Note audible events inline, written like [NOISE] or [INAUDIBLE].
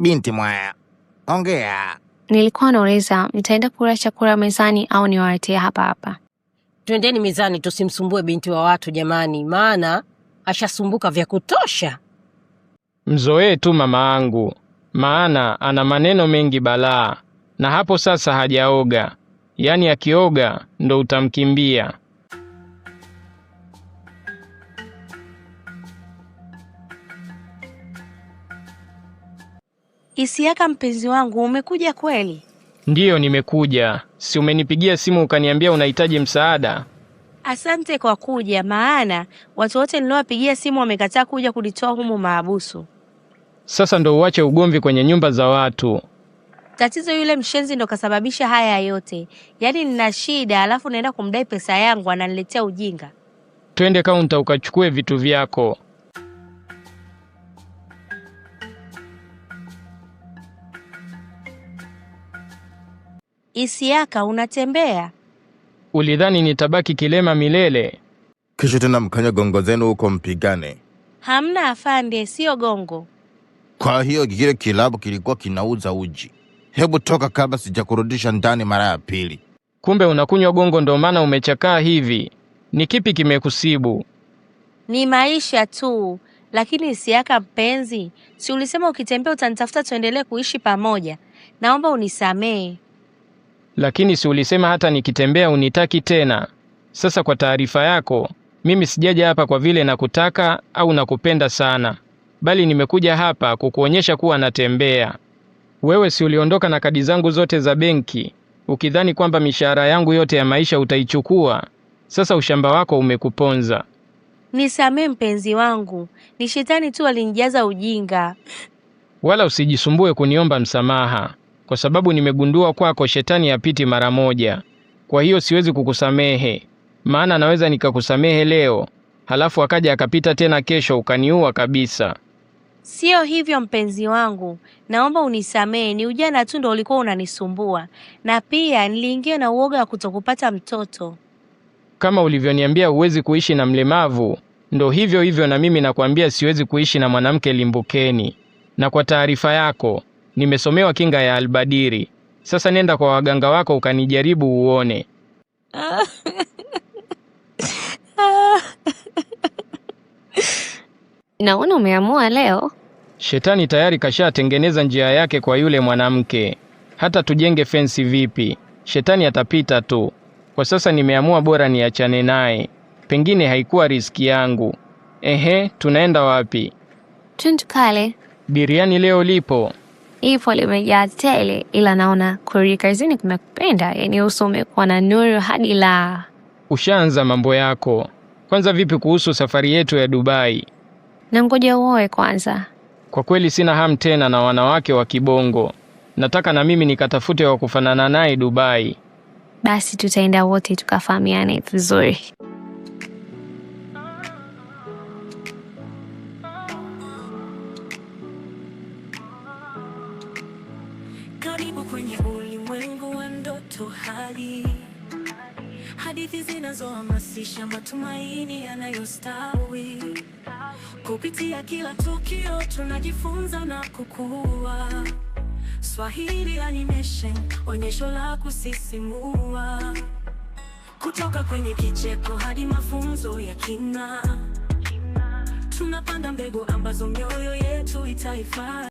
Binti mwaya, ongea. Nilikuwa nauliza nitaenda kula chakula mezani au niwaletee hapa hapa? Twendeni mezani, tusimsumbue binti wa watu jamani, maana ashasumbuka vya kutosha. Mzoee tu mama angu, maana ana maneno mengi balaa, na hapo sasa hajaoga, yaani akioga ndo utamkimbia. Isiaka mpenzi wangu, umekuja kweli? Ndiyo, nimekuja. Si umenipigia simu ukaniambia unahitaji msaada? Asante kwa kuja, maana watu wote niliowapigia simu wamekataa kuja kunitoa humu maabusu. Sasa ndo uache ugomvi kwenye nyumba za watu. Tatizo yule mshenzi ndo kasababisha haya yote. Yaani nina shida, alafu naenda kumdai pesa yangu, ananiletea ujinga. Twende kaunta ukachukue vitu vyako. Isiaka unatembea? Ulidhani nitabaki kilema milele? Kisha tena mkanya gongo zenu huko mpigane. Hamna afande, siyo gongo. Kwa hiyo kile kilabu kilikuwa kinauza uji. Hebu toka kabla sijakurudisha ndani mara ya pili. Kumbe unakunywa gongo, ndio maana umechakaa hivi. Ni kipi kimekusibu? Ni maisha tu. Lakini Isiaka mpenzi, si ulisema ukitembea utanitafuta tuendelee kuishi pamoja? Naomba unisamehe. Lakini si ulisema hata nikitembea unitaki tena? Sasa kwa taarifa yako, mimi sijaja hapa kwa vile nakutaka au nakupenda sana, bali nimekuja hapa kukuonyesha kuwa natembea. Wewe si uliondoka na kadi zangu zote za benki ukidhani kwamba mishahara yangu yote ya maisha utaichukua? Sasa ushamba wako umekuponza. Nisamee mpenzi wangu, ni shetani tu alinijaza ujinga. Wala usijisumbue kuniomba msamaha kwa sababu nimegundua kwako shetani hapiti mara moja. Kwa hiyo siwezi kukusamehe, maana naweza nikakusamehe leo halafu akaja akapita tena kesho ukaniua kabisa. Siyo hivyo mpenzi wangu, naomba unisamehe. Ni ujana tu ndo ulikuwa unanisumbua, na pia niliingia na uoga wa kutokupata mtoto. Kama ulivyoniambia huwezi kuishi na mlemavu, ndo hivyo hivyo na mimi nakwambia siwezi kuishi na mwanamke limbukeni. Na kwa taarifa yako, nimesomewa kinga ya albadiri. Sasa nenda kwa waganga wako ukanijaribu uone. [LAUGHS] Naona umeamua leo. Shetani tayari kashatengeneza njia yake kwa yule mwanamke. Hata tujenge fensi vipi, shetani atapita tu. Kwa sasa nimeamua bora niachane naye, pengine haikuwa riski yangu. Ehe, tunaenda wapi? Tundu kale. Biriani leo lipo ipo limejaa tele, ila naona kurudi kazini kumekupenda, yani uso umekuwa na nuru hadi la. Ushaanza mambo yako. Kwanza vipi kuhusu safari yetu ya Dubai? Na ngoja uoe kwanza. Kwa kweli sina hamu tena na wanawake wa kibongo, nataka na mimi nikatafute wa kufanana naye Dubai. Basi tutaenda wote tukafahamiane vizuri. Karibu kwenye ulimwengu wa ndoto hadi hadithi zinazohamasisha matumaini yanayostawi. Kupitia kila tukio tunajifunza na kukua. Swahili Animation, onyesho la kusisimua, kutoka kwenye kicheko hadi mafunzo ya kina. Tunapanda mbegu ambazo mioyo yetu itaifaa.